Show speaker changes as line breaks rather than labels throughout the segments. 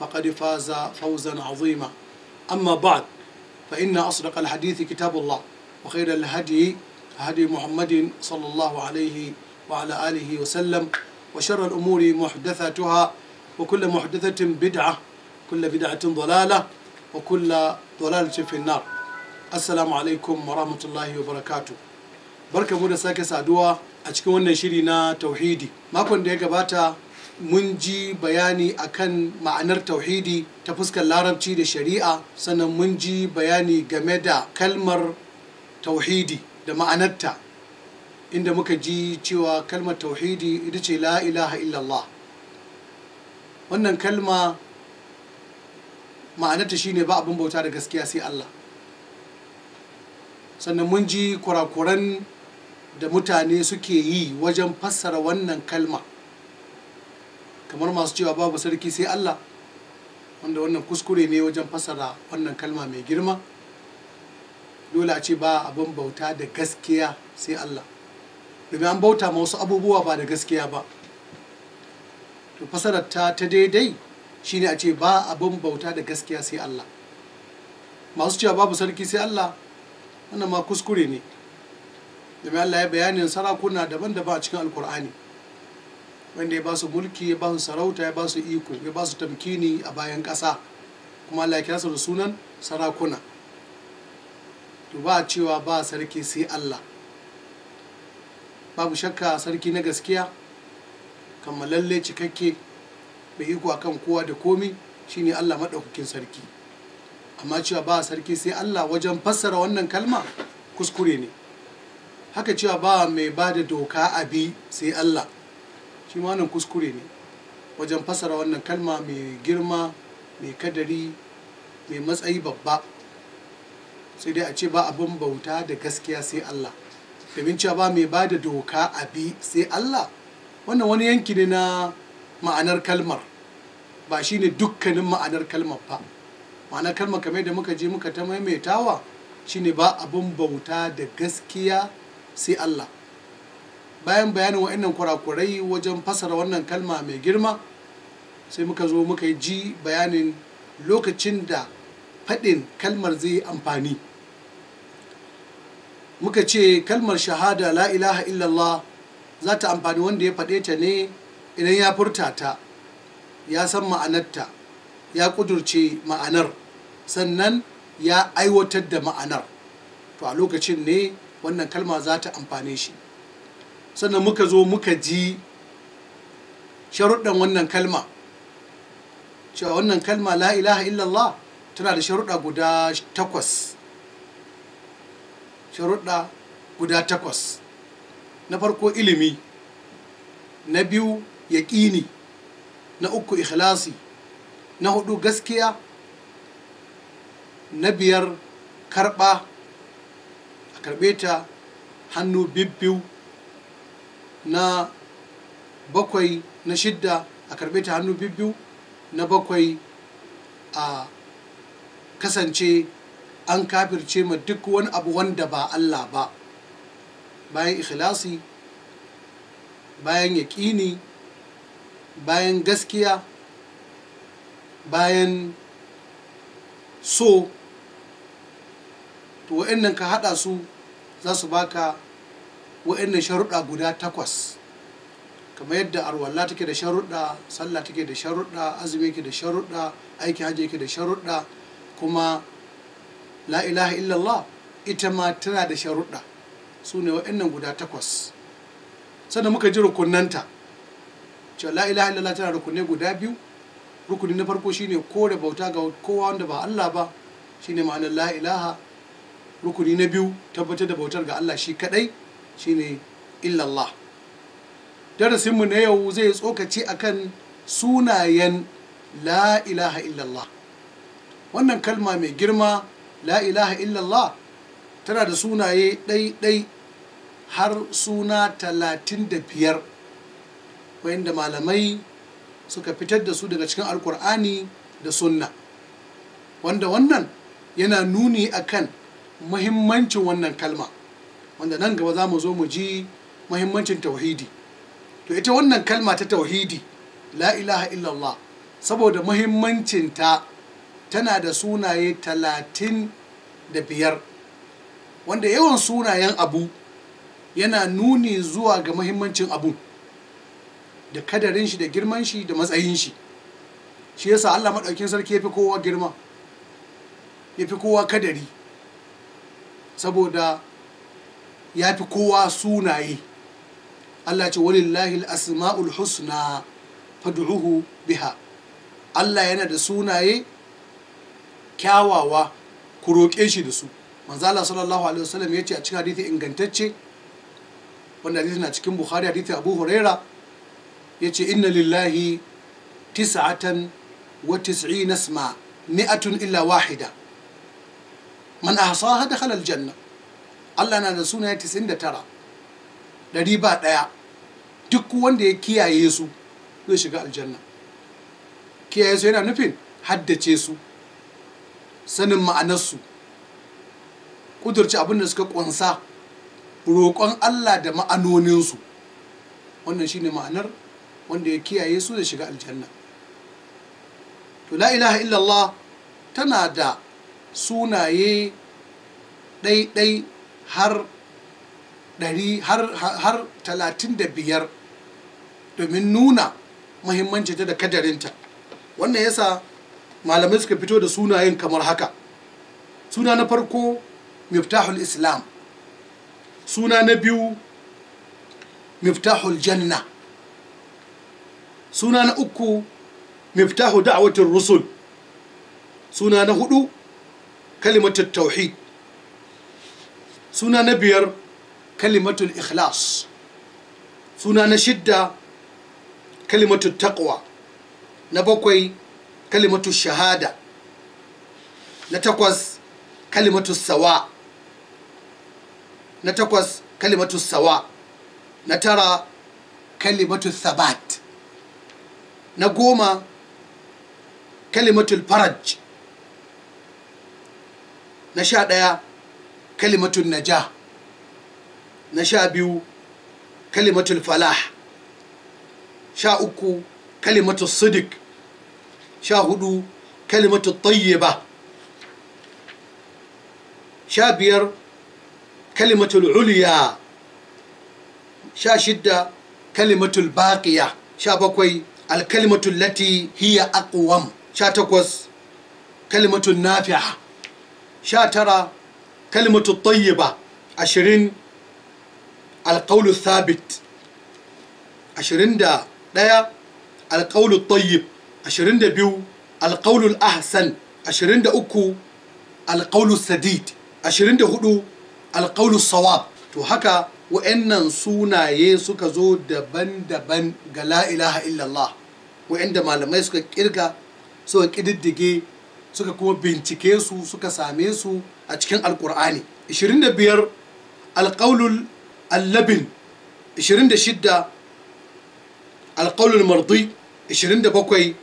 فقد فاز فوزا عظيما أما بعد فإن أصدق الحديث كتاب الله وخير الهدي هدي محمد صلى الله عليه وعلى آله وسلم وشر الأمور محدثاتها وكل محدثة بدعة كل بدعة ضلالة وكل ضلالة في النار السلام عليكم ورحمة الله وبركاته بركة مدى ساكي سادوا أشكونا شيرنا توحيدي ما كنت يقباتا mun ji bayani akan ma'anar tauhidi ta fuskar larabci da shari'a sannan mun ji bayani game da kalmar tauhidi da ma'anarta inda muka ji cewa kalmar tauhidi ita ce la ilaha illallah wannan kalma ma'anarta shine ba abin bauta da gaskiya sai Allah sannan mun ji kurakuran da mutane suke yi wajen fassara wannan kalma kamar masu cewa babu sarki sai Allah wanda wannan kuskure ne wajen fasara wannan kalma mai girma dole a ce ba abin bauta da gaskiya sai Allah domin an bauta ma wasu abubuwa ba da gaskiya ba to fasarar ta ta daidai shine a ce ba abin bauta da gaskiya sai Allah masu cewa babu sarki sai Allah wannan ma kuskure ne domin Allah ya bayanin sarakuna daban-daban a cikin alkur'ani wanda ya ba su mulki ya ba su sarauta ya ba su iko ya ba su tamkini a bayan ƙasa kuma Allah ya kira da sunan sarakuna to ba cewa ba sarki sai Allah babu shakka sarki na gaskiya kammalalle cikakke bai iko akan kowa da komi shine Allah maɗaukakin sarki amma cewa ba sarki sai Allah wajen fassara wannan kalma kuskure ne haka cewa ba mai ba da doka abi sai Allah shi wannan kuskure ne wajen fasara wannan kalma mai girma mai kadari mai matsayi babba sai dai a ce ba abin bauta da gaskiya sai Allah domin cewa ba mai ba da doka a bi sai Allah wannan wani yanki ne na ma'anar kalmar ba shi ne dukkanin ma'anar kalmar ba ma'anar kalmar kamar da muka je muka ta maimaitawa Shi ne ba abin bauta da gaskiya sai Allah bayan bayanin wa'annan kurakurai wajen fasara wannan kalma mai girma sai muka zo muka yi ji bayanin lokacin da faɗin kalmar zai amfani muka ce kalmar shahada la ilaha illallah za ta amfani wanda ya faɗe ta ne idan ya furta ta ya san ma'anarta ya ƙudurce ma'anar sannan ya aiwatar da ma'anar to a lokacin ne wannan kalma za ta amfane shi sannan muka zo muka ji sharuɗan wannan kalma cewa wannan kalma la ilaha illallah tana da sharuɗa guda takwas sharuɗa guda takwas na farko ilimi na biyu yaƙini na uku ikhlasi na hudu gaskiya na biyar karɓa a karɓe ta hannu bibbiyu na bakwai na shidda a karɓi ta hannu bibbiyu na bakwai a kasance an kafirce ma duk wani abu wanda ba Allah ba bayan ikhlasi bayan yaƙini bayan gaskiya bayan so to waɗannan ka haɗa su za su baka wa'annan sharuɗa guda takwas kamar yadda arwalla take da sharuɗa sallah take da sharuɗa azumi yake da sharuɗa aiki hajji yake da sharuɗa kuma la ilaha illallah ita ma tana da sharuɗa su ne guda takwas sannan muka ji rukunanta cewa la ilaha illallah tana rukunai guda biyu rukuni na farko shine ko da bauta ga kowa wanda ba Allah ba shine ma'anar la ilaha rukuni na biyu tabbatar da bautar ga Allah shi kadai shine illallah darasinmu na yau zai tsokaci akan sunayen la'ilaha ilaha illallah wannan kalma mai girma la ilaha illallah tana da sunaye ɗai-ɗai har suna talatin da biyar wayanda malamai suka fitar da su daga cikin alkur'ani da sunna wanda wannan yana nuni akan muhimmancin wannan kalma wanda nan gaba za mu zo mu ji muhimmancin tauhidi to ita wannan kalma ta tauhidi la ilaha illallah saboda ta tana da sunaye talatin da biyar wanda yawan sunayen abu yana nuni zuwa ga muhimmancin abu, da kadarin shi da girman shi da matsayin shi shi yasa Allah maɗaukin sarki ya kowa girma ya fi kowa kadari saboda ya fi kowa sunaye Allah ce walillahi asmaul husna fad'uhu biha Allah yana da sunaye kyawawa ku roƙe shi da su manzo sallallahu alaihi wasallam yace a cikin hadisi ingantacce wanda hadisi na cikin Bukhari hadisi Abu Huraira yace inna lillahi tis'atan wa tis'ina isma mi'atun illa wahida man ahsaha dakhala al-janna Allah na da sunaye 99 ɗari ba ɗaya duk wanda ya kiyaye su zai shiga aljanna kiyaye su yana nufin haddace su sanin ma'anarsu Kudurci abinda suka ƙunsa roƙon Allah da ma'anoninsu wannan shine ma'anar wanda ya kiyaye su zai shiga aljanna to la ilaha illallah tana da sunaye ɗaiɗai har ɗari har talatin da biyar domin nuna muhimmanci ta da kadarinta wannan yasa malamai suka fito da sunayen kamar haka suna na farko miftahul islam suna na biyu miftahul janna suna na uku miftahu da'awatin rusul suna na hudu kalimatar tauhid suna na biyar kalimatul ikhlas suna na shidda kalimatul taqwa na bakwai kalimatul shahada na takwas kalimatul sawa na takwas kalimatul sawa na tara kalimatul sabat na goma kalimatul faraj na sha ɗaya kalimatun Naja. na sha biyu kalimatul falah sha uku kalimatul sidik sha hudu kalimatul tayyiba sha biyar kalimatul uliya sha shidda kalimatul baqiya sha bakwai alkalimatun lati hiya aqwam sha takwas kalimatun nafi'a sha tara kalimatu tayyiba ashirin alƙaulu thabit ashirin da ɗaya alƙaulu tayyib ashirin da biyu alƙaulu ahsan ashirin da uku alƙaulu sadid ashirin da hudu alƙaulu sawab to haka wa'annan sunaye suka zo daban-daban ga la ilaha illallah wa'anda malamai suka kirga suka ƙididdige suka kuma bincike su suka same su a cikin alkur'ani 25 alƙaulul allabin 26 alƙaulul mardi 27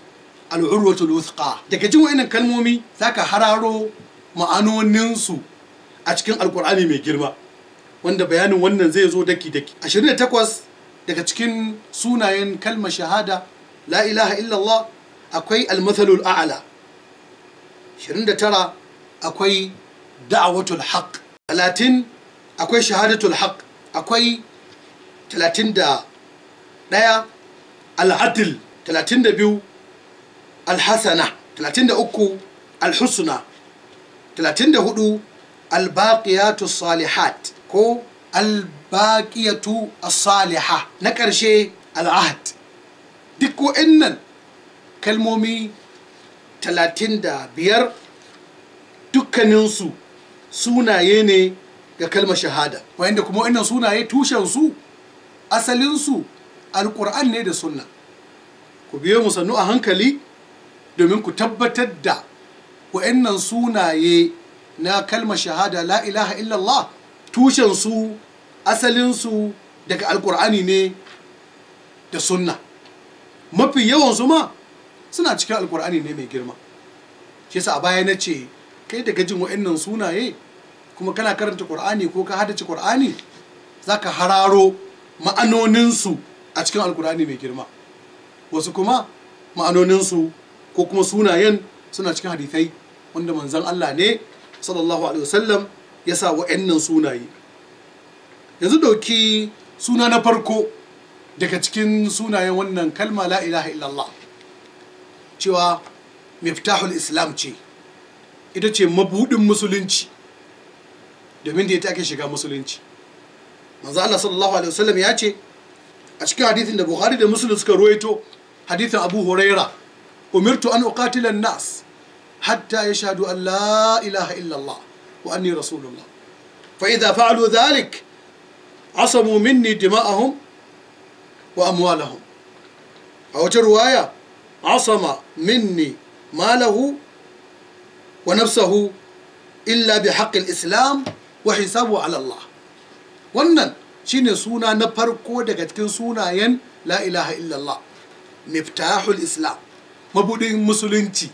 al'urwatul wuthqa daga jin wa'inan kalmomi za ka hararo ma'anoninsu a cikin alkur'ani mai girma wanda bayanin wannan zai zo daki-daki 28 daga cikin sunayen kalmar shahada la ilaha illallah akwai almathalul a'ala 29 akwai da'awatul haq talatin akwai shahadatul haq akwai talatin da ɗaya al'adil talatin da biyu alhassana talatin da uku alhusna talatin da hudu albaƙiyatu salihat ko albaƙiyatu saliha na ƙarshe al'ahad duk wa'innan kalmomi talatin da biyar dukkaninsu sunaye ne ga kalmar shahada da kuma wannan sunaye tushensu asalinsu Alƙur'ani ne da sunna ku biyo mu sannu a hankali domin ku tabbatar da wa'annan sunaye na kalmar shahada la ilaha illallah tushensu asalinsu daga alkur'ani ne da sunna mafi yawansu ma suna cikin alkur'ani ne mai girma shi yasa a baya na ce kai daga jin wa'annan sunaye kuma kana karanta Qur'ani ko ka haddace Qur'ani zaka hararo ma'anoninsu a cikin Alkur'ani mai girma wasu kuma ma'anoninsu ko kuma sunayen suna cikin hadithai wanda manzon Allah ne sallallahu alaihi wasallam ya sa wa'annan sunaye yanzu dauki suna na farko daga cikin sunayen wannan kalma la ilaha illallah cewa miftahul islam ce ita ce mabudin musulunci domin da ya ake shiga musulunci manzo Allah sallallahu alaihi wasallam ya ce a cikin hadithin da Bukhari da Muslim suka ruwaito hadithin Abu Huraira umirtu an uqatila nas hatta yashhadu an la ilaha illa Allah wa anni rasulullah fa idha fa'alu dhalik asamu minni dima'ahum wa amwalahum a wata ruwaya asama minni malahu wa nafsahu illa bi haqqi al-islam wa hisabu ala Allah wannan shine suna na farko daga cikin sunayen la ilaha illallah miftahul islam mabudin musulunci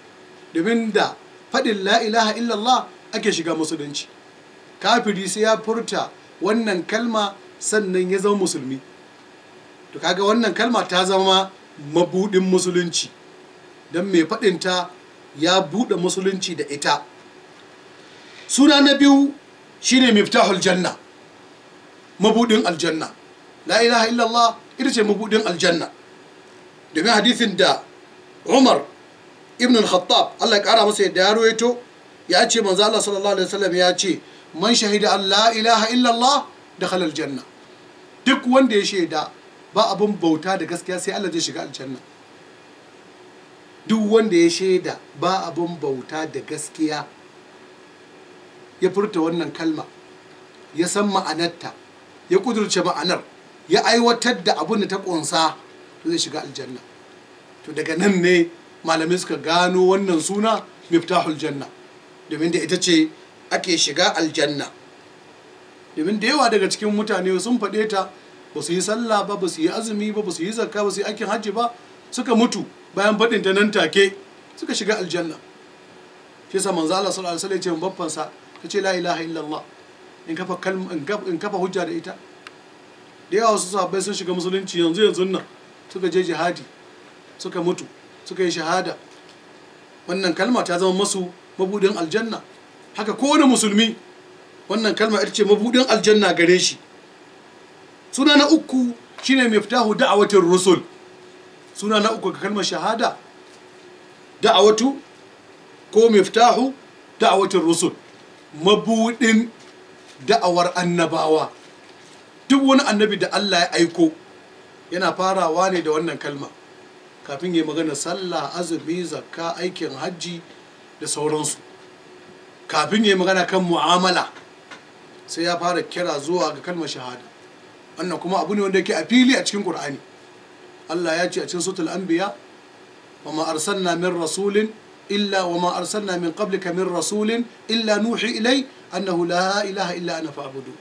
domin da faɗin la ilaha illallah ake shiga musulunci kafiri sai ya furta wannan kalma sannan ya zama musulmi to kaga wannan kalma ta zama mabudin musulunci don mai faɗinta ya buɗe musulunci da ita suna na biyu shine miftahul janna mabudin aljanna la ilaha illallah ita ce mabudin aljanna domin hadisin da Umar ibn al-Khattab Allah ya kara masa yadda ya ruwaito ya ce manzo Allah sallallahu alaihi wasallam ya ce man shahida an la ilaha illallah dakhala aljanna duk wanda ya shaida ba abun bauta da gaskiya sai Allah zai shiga aljanna duk wanda ya shaida ba abun bauta da gaskiya ya furta wannan kalma ya san ma'anarta ya kudurce ma'anar ya aiwatar da abin da ta ƙunsa to zai shiga aljanna to daga nan ne malamai suka gano wannan suna miftahul janna domin da ita ce ake shiga aljanna domin da yawa daga cikin mutane sun faɗe ta ba su yi sallah ba ba su yi azumi ba ba su yi zakka ba su yi aikin hajji ba suka mutu bayan faɗin ta nan take suka shiga aljanna shi sa manzo Allah sallallahu alaihi wasallam ya ce babban sa ta ce la ilaha illallah in kafa hujja da ita da yawa wasu sabai sun shiga musulunci yanzu yanzu nan suka je jihadi suka mutu suka yi shahada wannan kalma ta zama masu mabudin aljanna haka kowane musulmi wannan kalma ita ce mabudin aljanna gare shi suna na uku shine miftahu watan rusul suna na uku ga kalma shahada da'awatu ko mai miftahu watan rusul mabuɗin da'awar annabawa duk wani annabi da Allah ya aiko yana farawa ne da wannan kalma kafin ya magana sallah azumi zakka aikin hajji da sauransu kafin ya magana kan mu'amala sai ya fara kira zuwa ga kalmar shahada wannan kuma abu ne wanda yake a fili a cikin qur'ani Allah ya ce a cikin suratul anbiya wa ma arsalna min rasulin illa wa ma arsalna min qablika min rasulin illa nuhi ilai annahu la illa ana fa'budu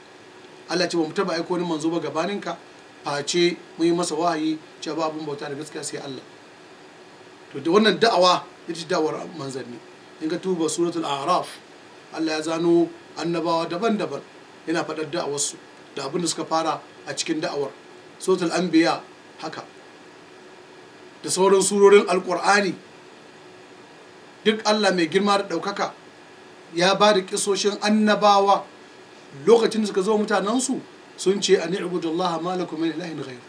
Allah ce ba mu taba aiko wani manzo ba gabaninka face mun yi masa wahayi ce ba abun bauta da gaskiya sai Allah to da wannan da'awa ita ce da'awar manzanni in ka tuba suratul a'raf Allah ya zano annabawa daban-daban yana faɗar da'awarsu da abin da suka fara a cikin da'awar suratul anbiya haka da sauran surorin alqur'ani duk Allah mai girma da ɗaukaka ya ba da kisoshin annabawa lokacin da suka zo mutanensu sun ce a Allah ma lakum min ilahin ghayr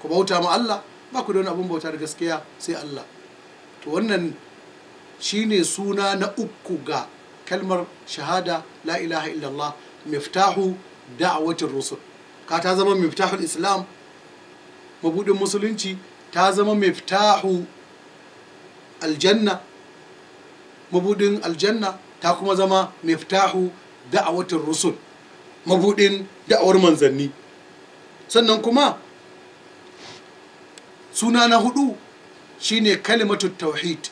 ku bauta ma Allah ba ku da wani abin bauta da gaskiya sai Allah to wannan shine suna na uku ga kalmar shahada la ilaha illallah miftahu da'watir rusul ka ta zama miftahul islam mabudin musulunci ta zama miftahu aljanna mabudin aljanna ta kuma zama miftahu da'awatin rusul mabudin da'awar manzanni sannan kuma suna na hudu shine kalimatu tauhid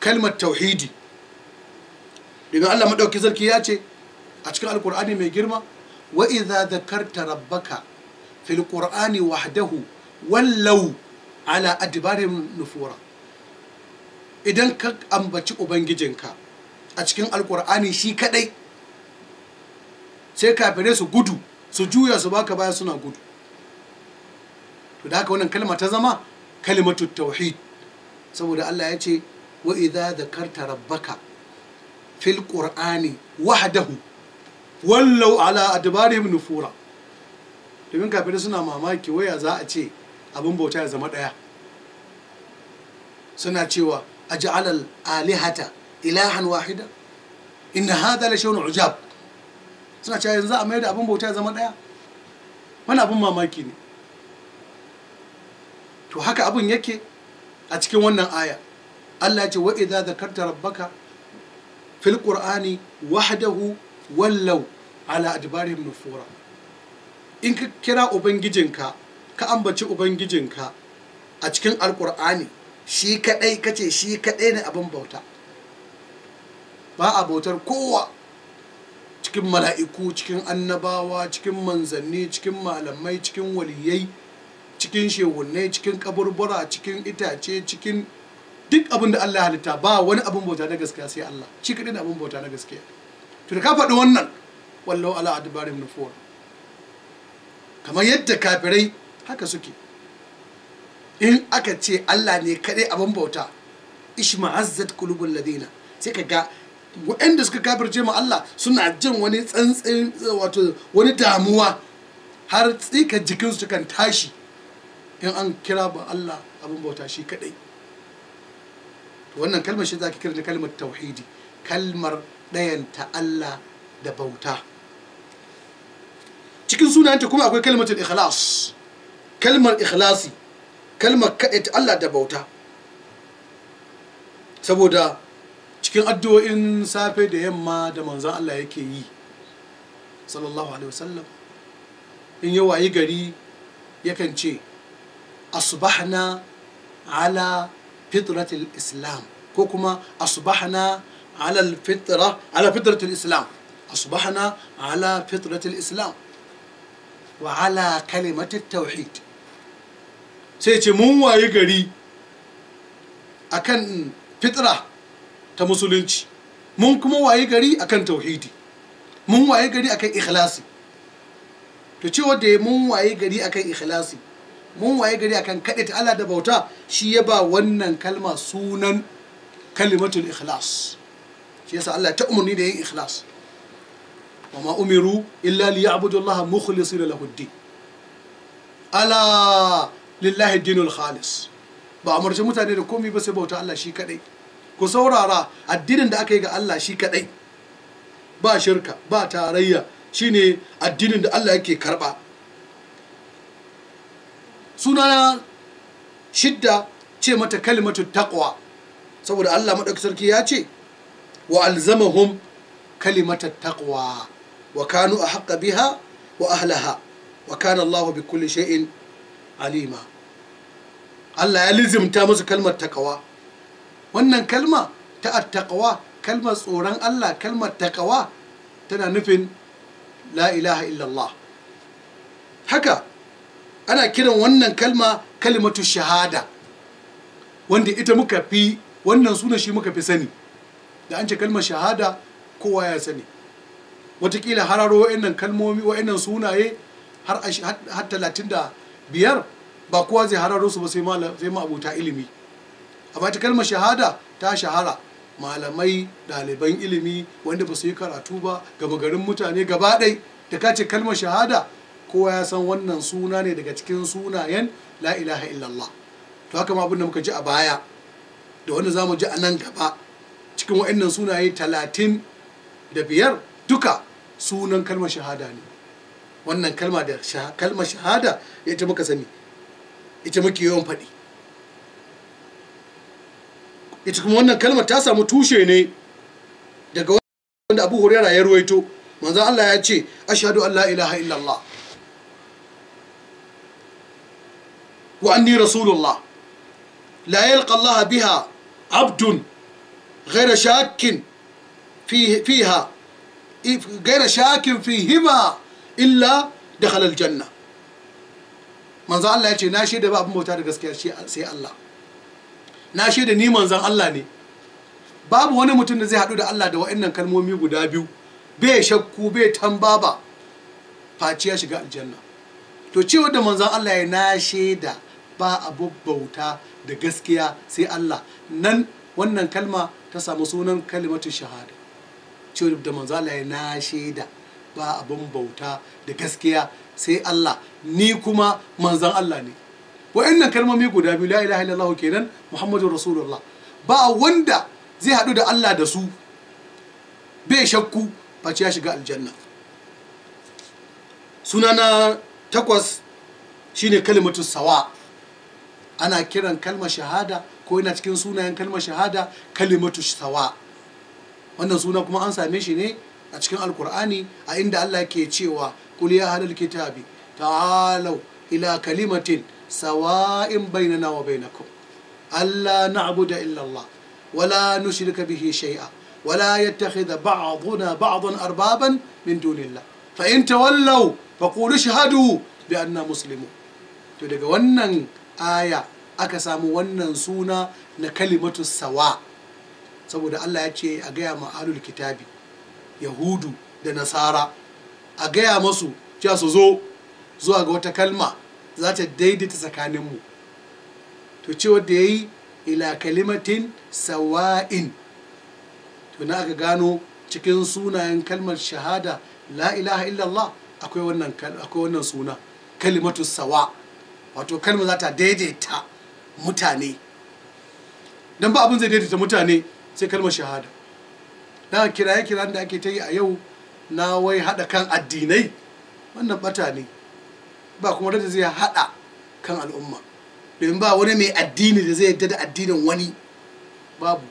kalmar tauhidi daga Allah maɗauki sarki ya ce a cikin alkur'ani mai girma wa idza dhakarta rabbaka fil qur'ani wahdahu wallau ala adbarin nufura idan ka ambaci ubangijinka a cikin alkur'ani shi kadai sai kafirai su gudu su juya su baka baya suna gudu to da haka wannan kalma ta zama kalimatu tauhid saboda Allah ya ce wa idza dhakarta rabbaka fil qur'ani wahdahu wallau ala adbarihim nufura domin kafirai suna mamaki waya za a ce abin bauta ya zama daya suna cewa أجعل الآلهة إلها واحدة إن هذا لشون عجاب suna cewa yanzu a mayar da abin bauta ya zama ɗaya wani abin mamaki ne to haka abin yake a cikin wannan aya Allah ya ce wa idza zakarta rabbaka fil qur'ani wahdahu wallau ala adbarihim nufura in ka kira ubangijinka ka ambaci ubangijinka a cikin alqur'ani shi kadai kace shi kadai ne abin bauta ba a bautar kowa cikin mala'iku cikin annabawa cikin manzanni cikin malamai cikin waliyai cikin shehunai cikin kaburbura cikin itace cikin duk abin da Allah halitta ba wani abin bauta na gaskiya sai Allah shi kadai abin bauta na gaskiya to da ka faɗi wannan wallahu ala adbarin nufur kamar yadda kafirai haka suke in aka ce Allah ne kaɗai abin bauta ma'azzat kulubun ladina sai ka ga waɗanda suka kafirce ma Allah suna jin wani tsantsin wato wani damuwa har tsika jikinsu kan tashi in an kira ba Allah abin bauta shi kaɗai to wannan kalmar shi zaki kira da kalmar tauhidi kalmar ɗayanta Allah da bauta cikin sunanta kuma akwai kalmar ikhlas kalmar ikhlasi kalmar kaɗaita Allah da bauta saboda cikin addu'o'in safe da yamma da manzan Allah yake yi sallallahu alaihi wasallam in ya wayi gari yakan ce asbahna ala fitratul islam ko kuma asbahna ala ala fitratul islam asbahna ala fitratul islam wa ala kalimatit tauhid sai ce mun wayi gari akan fitra ta musulunci mun kuma wayi gari akan tauhidi mun wayi gari akan ikhlasi to ce wanda mun wayi gari akan ikhlasi mun waye gari akan kaɗe ta Allah da bauta shi ya ba wannan kalma sunan kalimatul ikhlas shi yasa Allah ta umarni da yin ikhlas wa ma umiru illa li ya'budu Allah mukhlisina lahu ala lillahi dinul khalis ba umarci mutane da komai ba sai bauta Allah shi kadai ku saurara addinin da aka yi ga Allah shi kadai ba shirka ba tarayya shine addinin da Allah yake karba sunana shidda ce mata kalimatu taqwa saboda Allah madaukakin sarki ya ce wa alzamahum kalimata taqwa wa kanu ahqqa biha wa ahlaha wa kana allahu bi kulli shay'in alima Allah ya lizimta musu kalmar takawa wannan kalma ta attaqwa kalmar tsoron Allah kalmar takawa tana nufin la ilaha illallah haka ana kiran wannan kalma kalimatu shahada wanda ita muka fi wannan suna shi muka fi sani da an ce kalmar shahada kowa ya sani watakila hararo wa'annan kalmomi wa'annan sunaye har talatin da biyar ba kowa zai hararo su ba sai ma'abuta ilimi amma ta kalmar shahada ta shahara malamai ɗaliban ilimi wanda ba su yi karatu ba gaba garin mutane gaba ɗai da ka ce kalmar shahada kowa ya san wannan suna ne daga cikin sunayen la ilaha illallah to haka ma abin da muka ji a baya da wanda za mu ji a nan gaba cikin wa'annan sunaye talatin da biyar duka sunan kalmar shahada ne wannan kalma da kalmar shahada ita muka sani ita muke yawan faɗi ita kuma wannan kalmar ta samu tushe ne daga wanda abu hurera ya ruwaito manzan Allah ya ce ashadu an la ilaha illallah wa anni rasulullah la yalqa Allah biha abdun غير شاك fiha فيها غير شاك illa dakhala aljanna manzo Allah ya na shaida ba abin bauta da gaskiya sai Allah na shaida ni manzon Allah ne babu wani mutum da zai haɗu da Allah da wa'annan kalmomi guda biyu bai shakku bai tambaba face ya shiga aljanna to cewa da manzon Allah ya na shaida ba abu bauta da gaskiya sai Allah nan wannan kalma ta samu sunan kalimatu shahada cewa da manzon Allah ya na shaida ba abin bauta da gaskiya sai Allah ni kuma manzan Allah ne wa'annan kalmomi guda biyu la ilaha illallah kenan Muhammadu rasulullah ba wanda zai haɗu da Allah da su bai shakku face ya shiga aljanna suna na takwas shine kalimatu sawa ana kiran kalma shahada ko yana cikin sunayen kalma shahada kalimatu sawa wannan suna kuma an same shi ne a cikin alkur'ani a inda Allah ke cewa qul ya ahlal kitabi ta'alu ila kalimatin sawa'in bainana wa bainakum alla na'budu illa Allah wala nushrika bihi shay'a ولا يتخذ da بعضا أربابا من دون الله فإن تولوا shahadu اشهدوا بأننا مسلمون to daga wannan aya aka samu wannan suna na kalimatu sawa saboda Allah ya ce a gaya ma alul kitabi yahudu da nasara a gaya masu cewa su zo zuwa ga wata kalma za ta daidaita tsakaninmu to ce da ya yi ila kalimatin sawa'in to na aka gano cikin sunayen kalmar shahada la ilaha illallah akwai wannan suna kalimatu sawa wato kalma za ta daidaita mutane dan ba abin zai daidaita mutane sai kalmar shahada da kiraye kiran da ake ta yi a yau na wai haɗa kan addinai wannan bata ne ba kuma da zai haɗa kan al'umma domin ba wani mai addini da zai yadda da addinin wani babu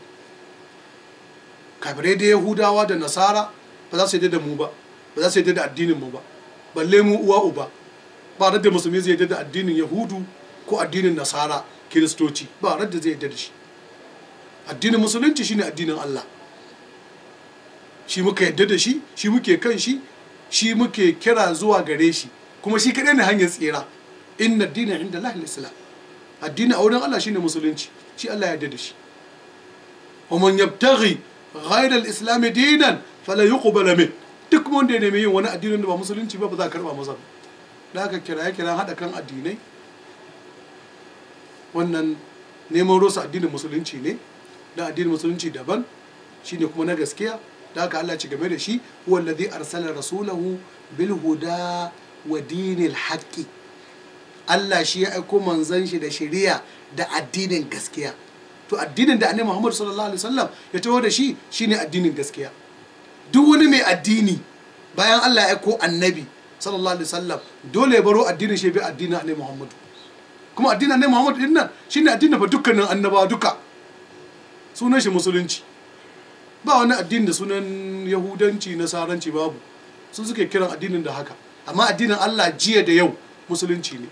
kafirai da yahudawa da nasara ba za su yadda da mu ba ba za su yadda da addinin mu ba balle mu uwa uba ba radda musulmi zai yadda da addinin yahudu ko addinin nasara kiristoci ba radda zai yadda da shi addinin musulunci shine addinin allah shi muka yadda da shi shi muke kan shi shi muke kira zuwa gare shi kuma shi kaɗai ne hanyar tsira inna dina inda Allah islam addini a wurin Allah shine musulunci shi Allah ya da shi wa man yabtaghi ghayra al-islam dinan fala yuqbal min duk wanda ya nemi yin wani addinin da ba musulunci ba ba za a karba masa da haka kiraye kiran hada kan addinai wannan neman rusa addinin musulunci ne da addinin musulunci daban shine kuma na gaskiya da haka Allah ci game da shi huwa alladhi arsala rasulahu bil huda wa dinil haqqi Allah shi ya aiko manzon shi da shari'a da addinin gaskiya to addinin da annabi Muhammad sallallahu alaihi wasallam ya taho da shi shine addinin gaskiya duk wani mai addini bayan Allah ya aiko annabi sallallahu alaihi wasallam dole ya baro addinin shi bi addinin annabi Muhammad kuma addinin annabi Muhammad din nan shine addinin fa dukkanin annabawa duka sunan shi musulunci ba wani addini da sunan yahudanci nasaranci babu Sun suke kiran addinin da haka amma addinin Allah jiya da yau musulunci ne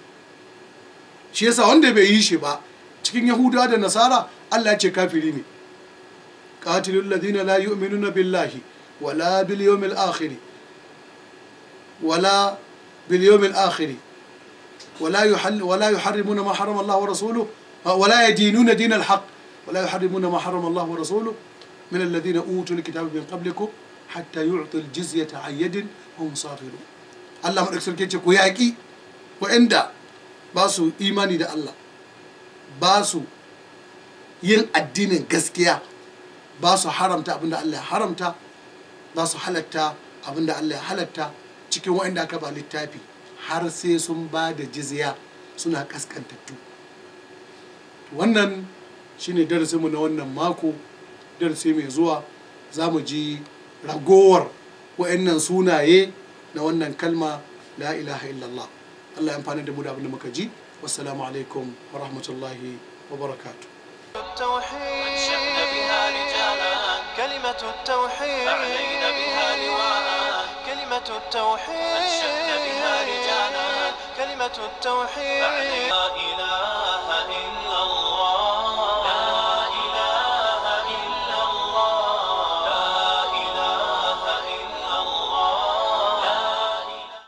shi yasa wanda bai yi shi ba cikin yahuda da nasara Allah ce kafiri ne qatilul ladina la yu'minuna billahi wala bil yawmil akhir wala bil yawmil akhir ولا يحل ولا يحرمون ما حرم الله ورسوله ولا يدينون دين wala ولا يحرمون ما Allah wa rasuluhu. min alladhina utul kitaba min qablikum hatta yu'tul jizyata ayyadin hum safirun Allah madaukakin ce ko yaƙi waɗanda ba su imani da Allah ba su yin addinin gaskiya ba su haramta abinda Allah ya haramta ba su halatta abinda Allah ya halatta cikin waɗanda aka ba littafi har sai sun ba da jizya suna kaskantattu wannan shine darasinmu na wannan mako darasi mai zuwa zamu ji ragowar wayannan sunaye na wannan kalma la ilaha illallah Allah ya amfana da mu da abin da muka ji wassalamu alaikum wa rahmatullahi wa barakatuh كلمة التوحيد أعلينا بها لواء كلمة التوحيد أنشأنا بها رجالا كلمة التوحيد أعلينا إله